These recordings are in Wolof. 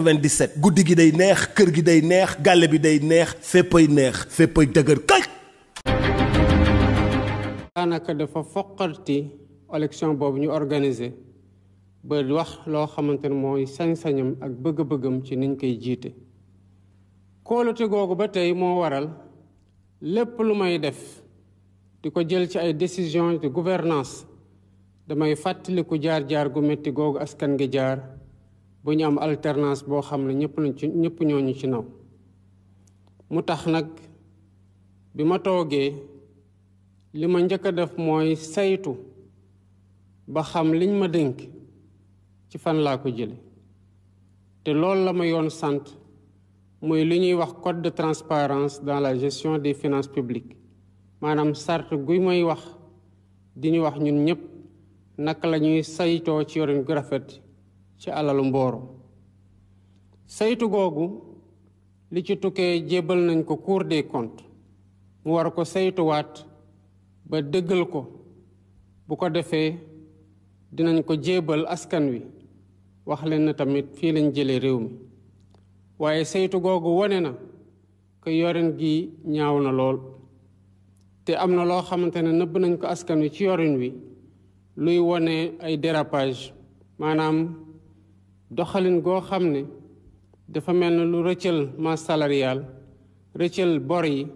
97 guddi gi day neex kër gi day neex gàlle bi day neex féppay neex féppay dëgër kay daanaka dafa foqarti élection boobu ñu organise ba wax loo xamante ne mooy sañ-sañam ak bëgg-bëggam ci niñ koy jiite kóolute googu ba tey moo waral lépp lu may def di ko jël ci ay décision de gouvernance damay fàttaliku jaar-jaar gu métti googu askan gi jaar bu ñu am alternance boo xam ne ñëpp lañ ci ñëpp ñooñu ci naw mu tax nag bi ma toogee li ma njëkk a def mooy saytu ba xam liñ ma dénk ci fan laa ko jële te loolu la ma yoon sant mooy li ñuy wax code de transparence dans la gestion des finances publiques maanaam sart guy may wax di ñu wax ñun ñëpp naka la ñuy saytoo ci yorin gu rafet ci alalu mbooro saytu googu li ci tukkee jébbal nañ ko Cour des comptes mu war ko saytuwaat ba dëggal ko bu ko defee dinañ ko jébbal askan wi wax leen na tamit fii lañ jëlee réew mi waaye saytu googu wone na ko yorin gi ñaaw na lool te am na loo xamante ne nëbb nañ ko askan wi ci yorin wi luy wone ay dérapage maanaam doxalin goo xam ne dafa mel ne lu rëccal masse salariale rëccal bor yi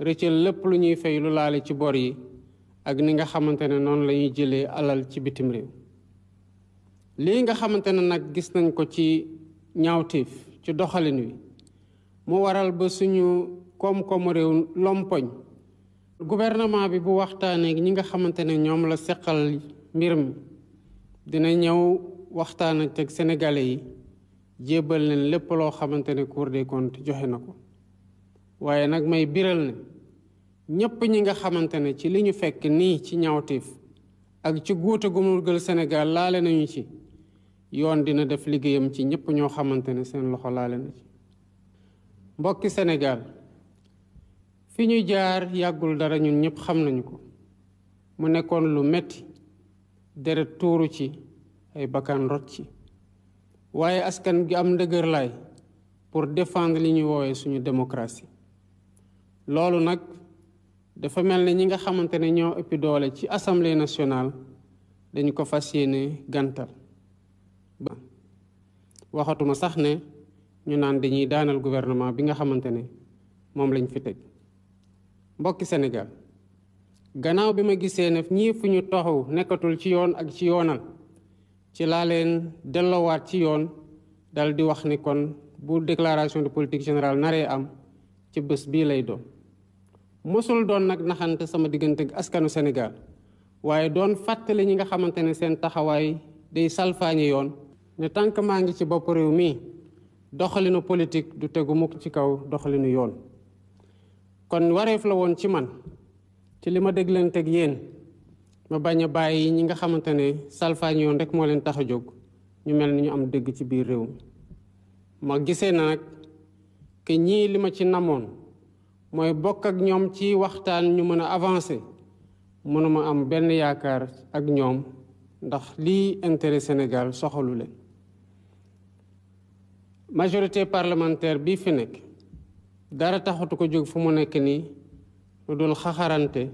rëccal lépp lu ñuy fay lu laale ci bor yi ak ni nga xamante ne noonu la ñuy jëlee alal ci bitim réew lii nga xamante ne nag gis nañ ko ci ñaawteef ci doxalin wi mu waral ba suñu koom-koomu réew lompoñ gouvernement bi bu waxtaanee ñi nga xamante ne ñoom la seqal mbir mi dina ñëw waxtaan ak teg sénégalais yi jébbal leen lépp loo xamante ne Cour des comptes joxe na ko waaye nag may biral ne ñépp ñi nga xamante ne ci li ñu fekk nii ci ñaawteef ak ci guute gu mu gël Sénégal laale nañu ci yoon dina def liggéeyam ci ñépp ñoo xamante ne seen loxo laale na ci mbokki senegal fi ñu jaar yàggul dara ñun ñépp xam nañu ko mu nekkoon lu metti deret tuuru ci ay bakkan rot ci waaye askan gi am ndëgër ndëgërlaay pour défendre li ñuy woowe suñu démocratie loolu nag dafa mel ne ñi nga xamante ne ñoo ëpp doole ci assemblée nationale dañu ko fas yéene gàntal waxatuma sax ne ñu naan dañuy daanal gouvernement bi nga xamante ne moom lañ fi teg mbokki Sénégal gannaaw bi ma gisee ne ñii fu ñu taxaw nekkatul ci yoon ak ci yoonal ci laa leen delloowaat ci yoon dal di wax ni kon buur déclaration de politique général naree am ci bés bii lay doom mosul doon nag naxante sama diggante ak askanu senegal waaye doon fàttali ñi nga xamante ne seen taxawaay day salfaañi yoon ne tànk maa ngi ci bopp réew mi doxalinu politique du tegu mukk ci kaw doxalinu yoon kon wareef la woon ci man ci li ma déglanteeg yéen ma bañ a bàyyi ñi nga xamante ne salfaañ yoon rek moo leen tax a jóg ñu mel ni ñu am dëgg ci biir réew mi ma gisee na nag que ñii li ma ci namoon mooy bokk ak ñoom ci waxtaan ñu mën a avancé mënuma am benn yaakaar ak ñoom ndax lii intérêt Sénégal soxalu leen majorité parlementaire bii fi nekk dara taxatu ko jóg fu mu nekk nii lu dul xaxarante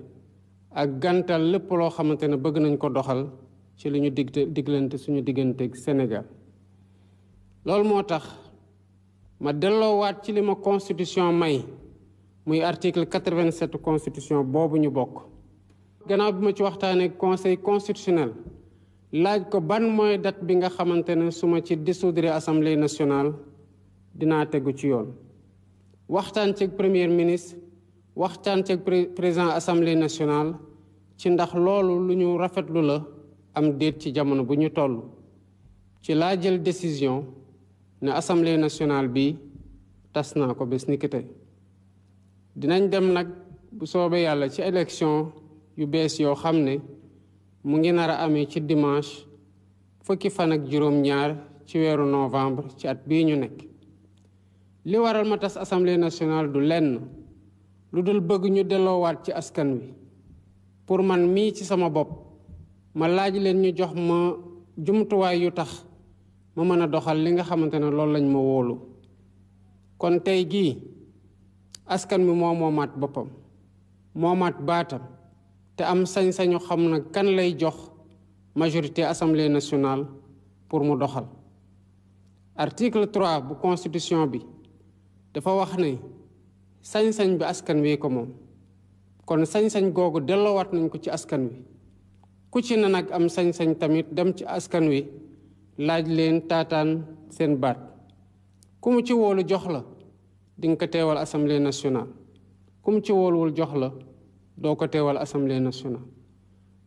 ak gantal lépp loo xamante ne bëgg nañ ko doxal ci li ñu dig diglante suñu digganteeg Sénégal loolu moo tax ma delloowaat ci li ma constitution may muy article 87 constitution boobu ñu bokk gannaaw bi ma ci waxtaanee conseil constitutionnel laaj ko ban mooy date bi nga xamante ne su ma ci dissoudre assemblée nationale dinaa tegu ci yoon waxtaan ci premier ministre waxtaan ceeg président assemblée nationale ci ndax loolu lu ñu rafetlu la am déet ci jamono bu ñu toll ci laa jël décision ne assemblée nationale bi tas naa ko bés niki tey dinañ dem nag bu soobee yàlla ci élection yu bees yoo xam ne mu ngi nar a amee ci dimanche fukki fan ak juróom-ñaar ci weeru novembre ci at bii ñu nekk li waral ma tas assemblée nationale du lenn lu dul bëgg ñu delloowaat ci askan wi pour man mii ci sama bopp ma laaj leen ñu jox ma jumtuwaay yu tax ma mën a doxal li nga xamante ne loolu lañ ma wóolu kon tey jii askan wi moo moomaat boppam moomaat baatam te am sañ-sañu xam na kan lay jox majorité assemblée nationale pour mu doxal article 3 bu constitution bi dafa wax ne sañ-sañ bi askan wi ko moom kon sañ-sañ googu delloowaat nañ ko ci askan wi ku ci na nag am sañ-sañ tamit dem ci askan wi laaj leen taataan seen baat ku ci woolu jox la di nga ko teewal assemblée nationale ku mu ci wooluwul jox la doo ko teewal assemblée nationale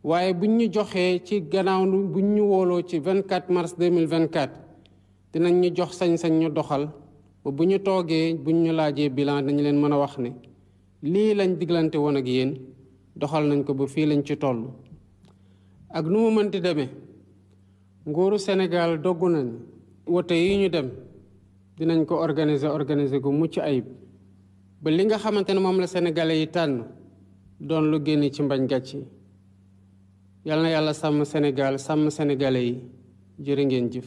waaye buñ ñu joxee ci gannaaw buñ ñu wooloo ci 24 mars 2024 dinañ ñu jox sañ-sañ ñu doxal bu ñu toogee buñ ñu laajee bilan dañu leen mën a wax ne lii lañ diglante woon ak yéen doxal nañ ko ba fii lañ ci toll ak nu mu mënti demee nguuru Sénégal doggu nañ wote yi ñu dem dinañ ko organiser organiser gu mucc ayib ba li nga xamante ne moom la sénégalais yi tànn doon lu génn ci mbañ gàcc yi yal na yàlla sàmm Sénégal sàmm sénégalais yi jërë ngeen jëf